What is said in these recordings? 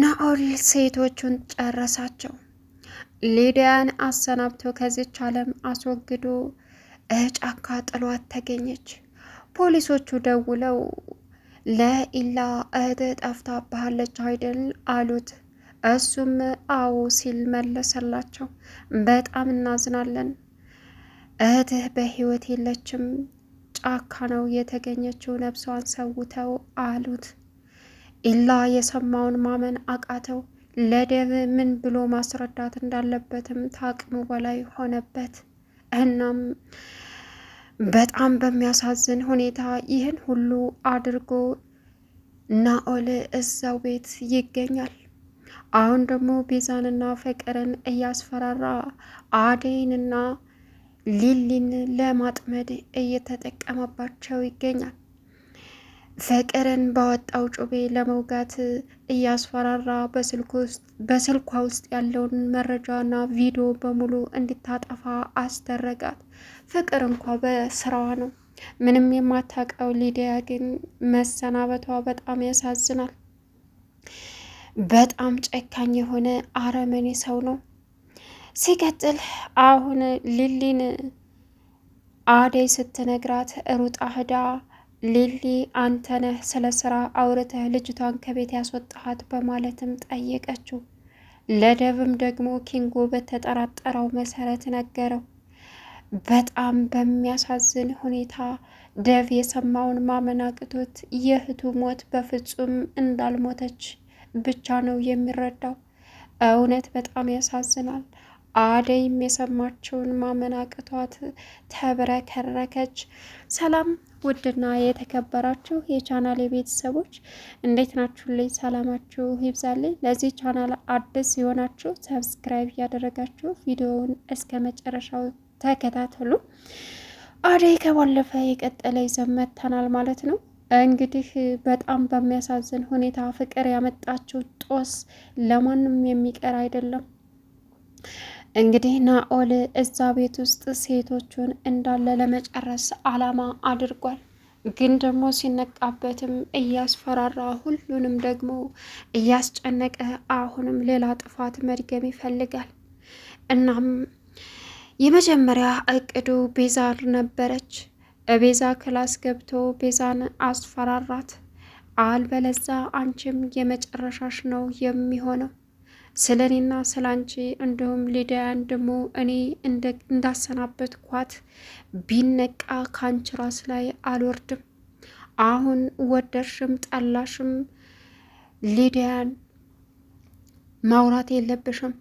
ናኦል ሴቶቹን ጨረሳቸው። ሊዲያን አሰናብቶ ከዚች ዓለም አስወግዶ ጫካ ጥሏት ተገኘች። ፖሊሶቹ ደውለው ለኢላ እህት ባህለች አይደል አሉት። እሱም አዎ ሲል መለሰላቸው። በጣም እናዝናለን፣ እህትህ በህይወት የለችም፣ ጫካ ነው የተገኘችው፣ ነፍሷን ሰውተው አሉት። ኢላ የሰማውን ማመን አቃተው። ለደብ ምን ብሎ ማስረዳት እንዳለበትም ታቅሙ በላይ ሆነበት። እናም በጣም በሚያሳዝን ሁኔታ ይህን ሁሉ አድርጎ ናኦል እዛው ቤት ይገኛል። አሁን ደግሞ ቤዛንና ፍቅርን እያስፈራራ አደይንና ሊሊን ለማጥመድ እየተጠቀመባቸው ይገኛል። ፍቅርን ባወጣው ጩቤ ለመውጋት እያስፈራራ በስልኳ ውስጥ ያለውን መረጃና ቪዲዮ በሙሉ እንድታጠፋ አስደረጋት። ፍቅር እንኳ በስራዋ ነው ምንም የማታውቀው ሊዲያ ግን መሰናበቷ በጣም ያሳዝናል። በጣም ጨካኝ የሆነ አረመኔ ሰው ነው። ሲቀጥል አሁን ሊሊን አደይ ስትነግራት ሩጣ ህዳ ሊሊ አንተነህ ስለ ስራ አውርተህ ልጅቷን ከቤት ያስወጣሃት በማለትም ጠየቀችው። ለደብም ደግሞ ኪንጎ በተጠራጠረው መሰረት ነገረው። በጣም በሚያሳዝን ሁኔታ ደብ የሰማውን ማመን አቅቶት የእህቱ ሞት በፍጹም እንዳልሞተች ብቻ ነው የሚረዳው። እውነት በጣም ያሳዝናል። አደይም የሰማችውን ማመን አቅቷት ተብረከረከች። ሰላም ውድና የተከበራችሁ የቻናል የቤተሰቦች እንዴት ናችሁልኝ? ሰላማችሁ ይብዛልኝ። ለዚህ ቻናል አዲስ የሆናችሁ ሰብስክራይብ እያደረጋችሁ ቪዲዮውን እስከ መጨረሻው ተከታተሉ። አደይ ከባለፈ የቀጠለ ይዘን መጥተናል ማለት ነው። እንግዲህ በጣም በሚያሳዝን ሁኔታ ፍቅር ያመጣችው ጦስ ለማንም የሚቀር አይደለም። እንግዲህ ናኦል እዛ ቤት ውስጥ ሴቶቹን እንዳለ ለመጨረስ አላማ አድርጓል። ግን ደግሞ ሲነቃበትም እያስፈራራ ሁሉንም ደግሞ እያስጨነቀ አሁንም ሌላ ጥፋት መድገም ይፈልጋል። እናም የመጀመሪያ እቅዱ ቤዛ ነበረች። ቤዛ ክላስ ገብቶ ቤዛን አስፈራራት። አልበለዛ አንቺም የመጨረሻሽ ነው የሚሆነው ስለ እኔና ስለ አንቺ እንዲሁም ሊዲያን ደግሞ እኔ እንዳሰናበት ኳት ቢነቃ ከአንቺ ራስ ላይ አልወርድም። አሁን ወደርሽም፣ ጠላሽም ሊዲያን ማውራት የለብሽም።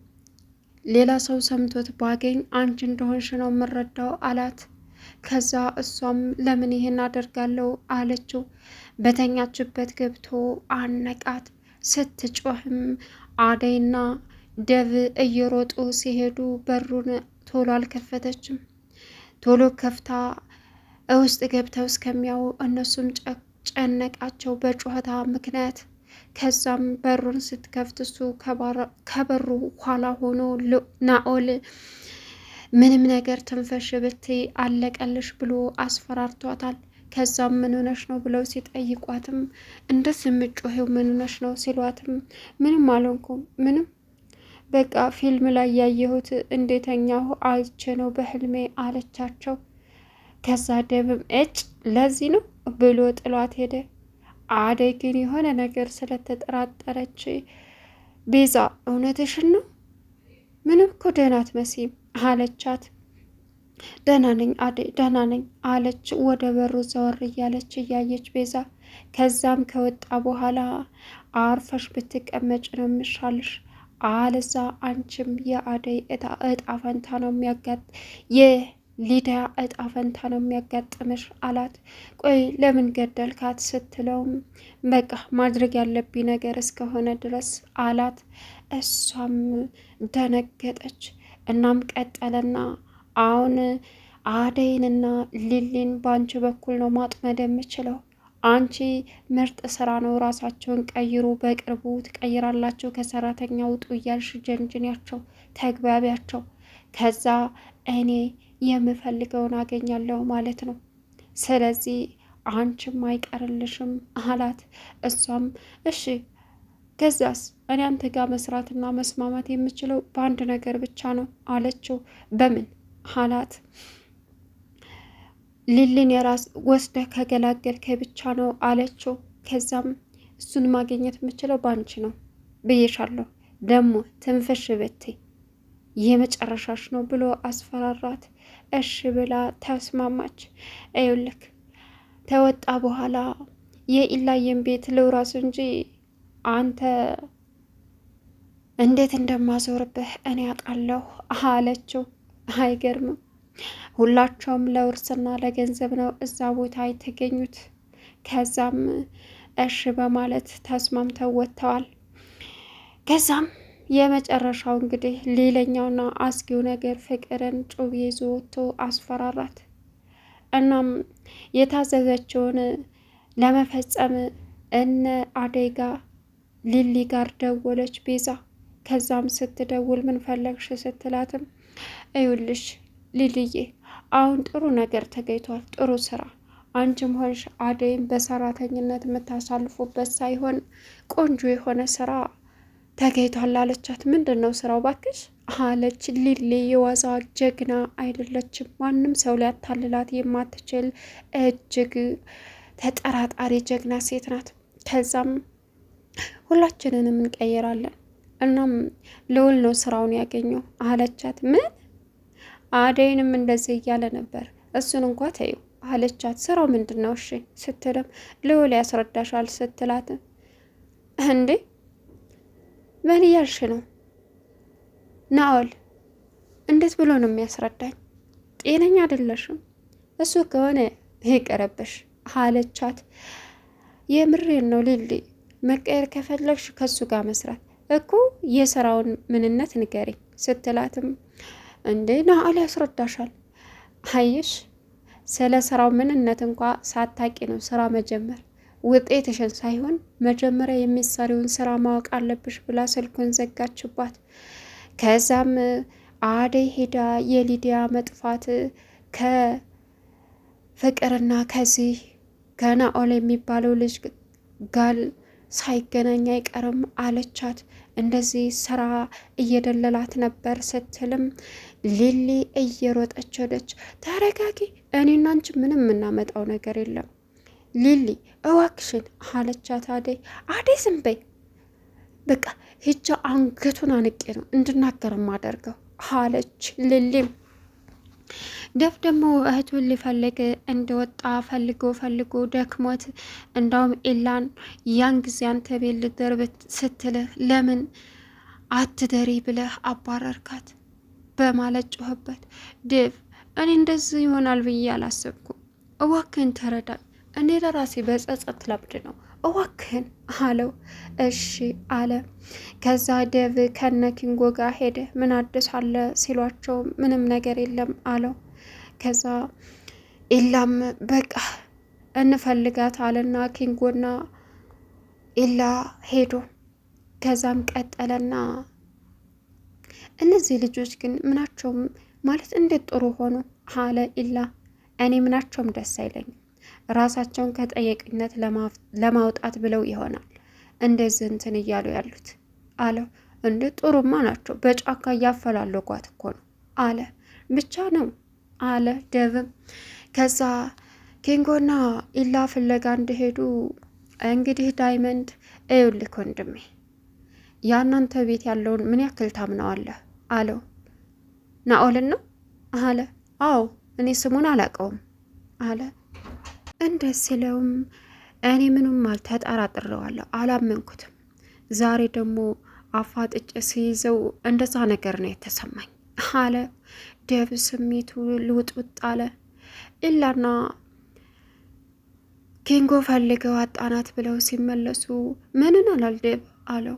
ሌላ ሰው ሰምቶት ባገኝ አንቺ እንደሆንሽ ነው የምረዳው አላት። ከዛ እሷም ለምን ይሄን አደርጋለሁ አለችው። በተኛችበት ገብቶ አነቃት። ስትጮህም አደይና ደብ እየሮጡ ሲሄዱ በሩን ቶሎ አልከፈተችም። ቶሎ ከፍታ ውስጥ ገብተው እስከሚያው እነሱም ጨነቃቸው በጩኸታ ምክንያት። ከዛም በሩን ስትከፍት እሱ ከበሩ ኋላ ሆኖ ናኦል ምንም ነገር ትንፈሽ ብትይ አለቀልሽ ብሎ አስፈራርቷታል። ከዛም ምን ሆነሽ ነው ብለው ሲጠይቋትም እንደስ የምጮኸው ምን ሆነሽ ነው ሲሏትም ምንም አልሆንኩም፣ ምንም በቃ ፊልም ላይ ያየሁት እንዴተኛው አይቼ ነው በህልሜ አለቻቸው። ከዛ ደብም እጭ ለዚህ ነው ብሎ ጥሏት ሄደ። አደይ ግን የሆነ ነገር ስለተጠራጠረች ቤዛ እውነትሽን ነው? ምንም እኮ ደህና አትመስይም አለቻት። ደህና ነኝ አዴ ደህና ነኝ አለች ወደ በሩ ዘወር እያለች እያየች ቤዛ። ከዛም ከወጣ በኋላ አርፈሽ ብትቀመጭ ነው የምሻልሽ፣ አለዛ አንቺም የአደይ እጣ ፈንታ ነው የሚያጋጥ የሊዲያ እጣ ፈንታ ነው የሚያጋጥምሽ አላት። ቆይ ለምን ገደልካት ስትለውም በቃ ማድረግ ያለብኝ ነገር እስከሆነ ድረስ አላት። እሷም ደነገጠች። እናም ቀጠለና አሁን አደይንና ሊሊን በአንቺ በኩል ነው ማጥመድ የምችለው። አንቺ ምርጥ ስራ ነው፣ ራሳቸውን ቀይሩ፣ በቅርቡ ትቀይራላቸው፣ ከሰራተኛ ውጡ እያልሽ ጀንጅንያቸው፣ ተግባቢያቸው። ከዛ እኔ የምፈልገውን አገኛለሁ ማለት ነው። ስለዚህ አንቺም አይቀርልሽም አላት። እሷም እሺ ከዛስ እኔ አንተ ጋር መስራትና መስማማት የምችለው በአንድ ነገር ብቻ ነው አለችው። በምን አላት። ሊሊን የራስ ወስደህ ከገላገልከ ብቻ ነው አለችው። ከዛም እሱን ማግኘት የምችለው በአንቺ ነው ብዬሻለሁ፣ ደግሞ ትንፍሽ ብቴ የመጨረሻሽ ነው ብሎ አስፈራራት። እሺ ብላ ተስማማች። እዩልክ ተወጣ በኋላ የኢላየን ቤት ልውራስ እንጂ አንተ እንዴት እንደማዞርብህ እኔ አውቃለሁ አለችው። አይገርምም። ሁላቸውም ለውርስና ለገንዘብ ነው እዛ ቦታ የተገኙት። ከዛም እሺ በማለት ተስማምተው ወጥተዋል። ከዛም የመጨረሻው እንግዲህ ሌላኛውና አስጊው ነገር ፍቅርን ጩቤ ይዞ ወጥቶ አስፈራራት። እናም የታዘዘችውን ለመፈጸም እነ አደይ ጋ ሊሊ ጋር ደወለች ቤዛ ከዛም ስትደውል ምን ፈለግሽ ስትላትም እዩልሽ ልልዬ አሁን ጥሩ ነገር ተገኝቷል። ጥሩ ስራ አንቺም ሆንሽ አደይም በሰራተኝነት የምታሳልፉበት ሳይሆን ቆንጆ የሆነ ስራ ተገኝቷል አለቻት። ምንድን ነው ስራው ባክሽ አለች ሊሊ። የዋዛ ጀግና አይደለችም። ማንም ሰው ሊያታልላት የማትችል እጅግ ተጠራጣሪ ጀግና ሴት ናት። ከዛም ሁላችንንም እንቀይራለን እናም ልውል ነው ስራውን ያገኘው አለቻት። ምን አደይንም እንደዚህ እያለ ነበር። እሱን እንኳ ተዩ አለቻት። ስራው ምንድን ነው እሺ ስትልም ልውል ያስረዳሻል ስትላት እንዴ ምን እያልሽ ነው ናኦል? እንዴት ብሎ ነው የሚያስረዳኝ? ጤነኛ አይደለሽም። እሱ ከሆነ ይቀረብሽ አለቻት። የምሬን ነው ሊሊ፣ መቀየር ከፈለግሽ ከሱ ጋር መስራት እኮ የስራውን ምንነት ንገሪ ስትላትም እንዴ ናአል ያስረዳሻል። አየሽ ስለ ስራው ምንነት እንኳ ሳታቂ ነው ስራ መጀመር ውጤትሽን ሳይሆን መጀመሪያ የሚሰሪውን ስራ ማወቅ አለብሽ ብላ ስልኩን ዘጋችባት። ከዛም አደይ ሄዳ የሊዲያ መጥፋት ከፍቅርና ከዚህ ከናኦል የሚባለው ልጅ ጋል ሳይገናኝ አይቀርም አለቻት። እንደዚህ ስራ እየደለላት ነበር ስትልም ሊሊ እየሮጠች ሄደች። ተረጋጊ፣ እኔና አንቺ ምንም የምናመጣው ነገር የለም ሊሊ እዋክሽን አለቻት። አደይ አደይ ዝም በይ በቃ ሂጃ አንገቱን አንቄ ነው እንድናገር ማደርገው አለች ሊሊም ደፍ ደግሞ እህቱን ሊፈልግ እንደወጣ ፈልጎ ፈልጎ ደክሞት እንዳውም ኤላን ያን ጊዜ አንተ ቤት ልደር ስትልህ ለምን አትደሪ ብለህ አባረርካት በማለት ጮህበት። ድፍ እኔ እንደዚህ ይሆናል ብዬ አላሰብኩ። እዋክን ተረዳኝ። እኔ ለራሴ በጸጸት ለብድ ነው እዋክህን አለው። እሺ አለ። ከዛ ደብ ከነ ኪንጎ ጋር ሄደ። ምን አዲስ አለ ሲሏቸው ምንም ነገር የለም አለው። ከዛ ኢላም በቃ እንፈልጋት አለና ኪንጎና ኢላ ሄዱ። ከዛም ቀጠለና እነዚህ ልጆች ግን ምናቸውም ማለት እንዴት ጥሩ ሆኑ አለ ኢላ። እኔ ምናቸውም ደስ አይለኝም ራሳቸውን ከጠየቅነት ለማውጣት ብለው ይሆናል እንደዚህ እንትን እያሉ ያሉት አለው። እንደ ጥሩማ ናቸው በጫካ እያፈላለጓት እኮ ነው አለ። ብቻ ነው አለ ደብም። ከዛ ኪንጎና ኢላ ፍለጋ እንደሄዱ እንግዲህ ዳይመንድ እዩልክ ወንድሜ ያናንተ ቤት ያለውን ምን ያክል ታምነዋለህ? አለው። ናኦልን ነው አለ። አዎ እኔ ስሙን አላውቀውም አለ። እንደ ስለውም እኔ ምንም አልተጠራጥሬዋለሁ፣ አላመንኩትም። ዛሬ ደግሞ አፋጥጭ ሲይዘው እንደዛ ነገር ነው የተሰማኝ አለ ደብ። ስሜቱ ልውጥውጥ አለ። ኢላና ኪንጎ ፈልገው አጣናት ብለው ሲመለሱ ምንን ደብ አለው።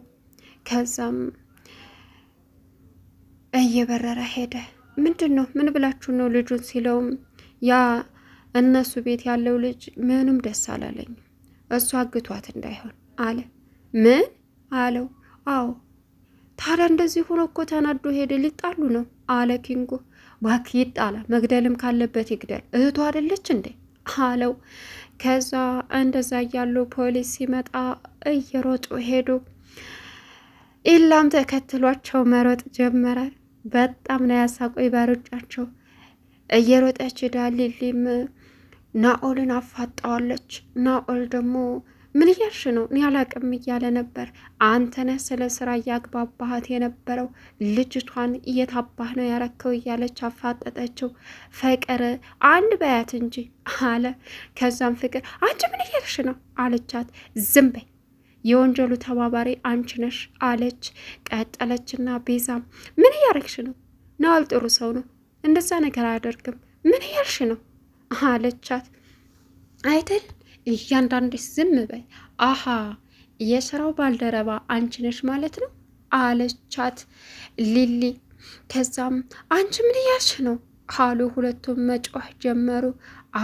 ከዛም እየበረረ ሄደ። ምንድን ነው ምን ብላችሁ ነው ልጁን ሲለውም ያ እነሱ ቤት ያለው ልጅ ምንም ደስ አላለኝ። እሱ አግቷት እንዳይሆን አለ። ምን አለው? አዎ። ታዲያ እንደዚህ ሆኖ እኮ ተናዶ ሄደ። ሊጣሉ ነው አለ ኪንጎ። ባክ ይጣላ፣ መግደልም ካለበት ይግደል፣ እህቱ አደለች እንዴ አለው። ከዛ እንደዛ እያሉ ፖሊስ ሲመጣ እየሮጡ ሄዱ። ኢላም ተከትሏቸው መሮጥ ጀመረ። በጣም ነው ያሳቆይ በሩጫቸው እየሮጠች ዳሊሊም ናኦልን አፋጣዋለች። ናኦል ደግሞ ምን እያልሽ ነው? እኔ አላቅም እያለ ነበር። አንተነህ ስለ ስራ እያግባባሃት የነበረው ልጅቷን እየታባህ ነው ያረከው እያለች አፋጠጠችው። ፍቅር አንድ በያት እንጂ አለ። ከዛም ፍቅር አንቺ ምን እያልሽ ነው አለቻት። ዝም በይ የወንጀሉ ተባባሪ አንቺ ነሽ አለች። ቀጠለችና ቤዛም ምን እያረግሽ ነው? ናኦል ጥሩ ሰው ነው፣ እንደዛ ነገር አያደርግም። ምን እያልሽ ነው አለቻት። አይደል እያንዳንድሽ ዝም በይ። አሀ የስራው ባልደረባ አንቺ ነሽ ማለት ነው አለቻት ሊሊ። ከዛም አንቺ ምን እያልሽ ነው አሉ ሁለቱም መጮህ ጀመሩ።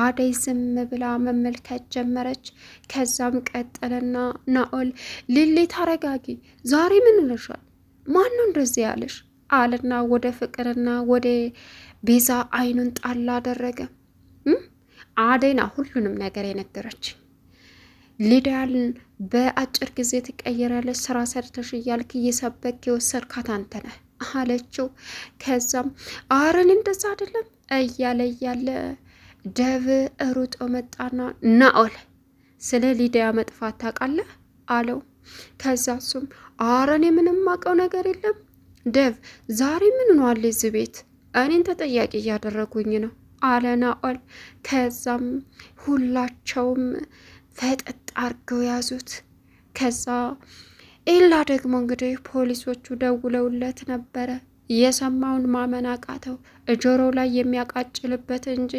አደይ ዝም ብላ መመልከት ጀመረች። ከዛም ቀጠለና ናኦል ሊሊ ታረጋጊ፣ ዛሬ ምን ልሻል? ማን እንደዚህ ያለሽ? አለና ወደ ፍቅርና ወደ ቤዛ አይኑን ጣል አደረገ። አደይና ሁሉንም ነገር የነገረች ሊዳልን በአጭር ጊዜ ትቀይራለች፣ ስራ ሰርተሽ እያልክ እየሰበክ የወሰድካት አንተ ነህ አለችው። ከዛም አረን እንደዛ አይደለም እያለ እያለ ደብ ሩጦ መጣና ናኦል ስለ ሊዲያ መጥፋት ታውቃለህ አለው። ከዛ እሱም አረን የምንማቀው ነገር የለም ደብ ዛሬ ምን ሆኗል? እዚህ ቤት እኔን ተጠያቂ እያደረጉኝ ነው አለ ናኦል። ከዛም ሁላቸውም ፈጠጥ አርገው ያዙት። ከዛ ኤላ ደግሞ እንግዲህ ፖሊሶቹ ደውለውለት ነበረ። የሰማውን ማመን አቃተው። ጆሮ ላይ የሚያቃጭልበት እንጂ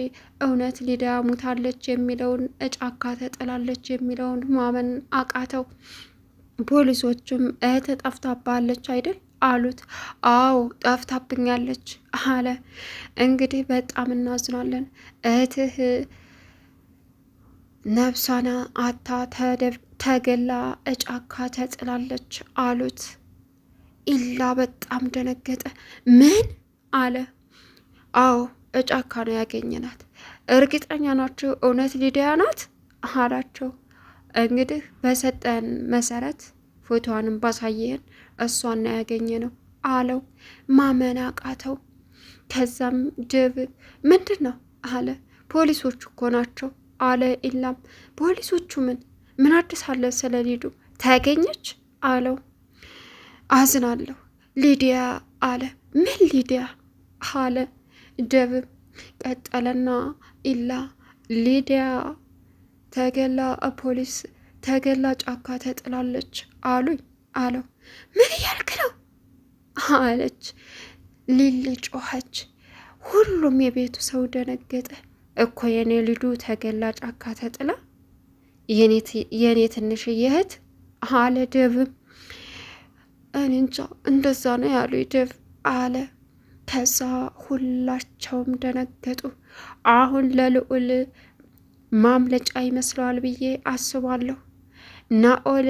እውነት ሊዲያ ሙታለች የሚለውን እጫካ ተጥላለች የሚለውን ማመን አቃተው። ፖሊሶቹም እህት ጠፍታባለች አይደል አሉት። አዎ ጠፍታብኛለች አለ። እንግዲህ በጣም እናዝናለን እህትህ ነብሷን አታ ተገላ እጫካ ተጥላለች አሉት። ኢላ በጣም ደነገጠ። ምን አለ? አዎ እጫካ ነው ያገኘናት። እርግጠኛ ናቸው እውነት ሊዲያ ናት አላቸው። እንግዲህ በሰጠን መሰረት ፎቶዋንም ባሳየን እሷን ያገኘ ነው አለው። ማመን አቃተው። ከዛም ጅብ ምንድን ነው አለ። ፖሊሶቹ እኮ ናቸው አለ ኢላም። ፖሊሶቹ ምን ምን አዲስ አለ ስለ ሊዱ ታገኘች አለው። አዝናለሁ ሊዲያ አለ። ምን ሊዲያ አለ ጅብ። ቀጠለና ኢላ ሊዲያ ተገላ ፖሊስ ተገላ ጫካ ተጥላለች አሉኝ አለው። ምን እያልክ ነው አለች ሊሊ ጮኸች። ሁሉም የቤቱ ሰው ደነገጠ። እኮ የኔ ልጁ ተገላ ጫካ ተጥላ የኔ ትንሽ እየህት አለ ደብም። እኔ እንጃ እንደዛ ነው ያሉ ደብ አለ። ከዛ ሁላቸውም ደነገጡ። አሁን ለልዑል ማምለጫ ይመስለዋል ብዬ አስባለሁ ናኦል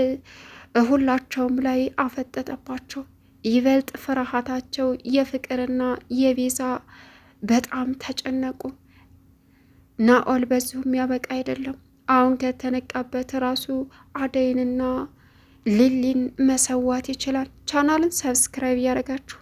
ሁላቸውም ላይ አፈጠጠባቸው። ይበልጥ ፍርሃታቸው የፍቅርና የቤዛ በጣም ተጨነቁ። ናኦል በዚሁም ያበቃ አይደለም። አሁን ከተነቃበት ራሱ አደይንና ሊሊን መሰዋት ይችላል። ቻናልን ሰብስክራይብ እያደረጋችሁ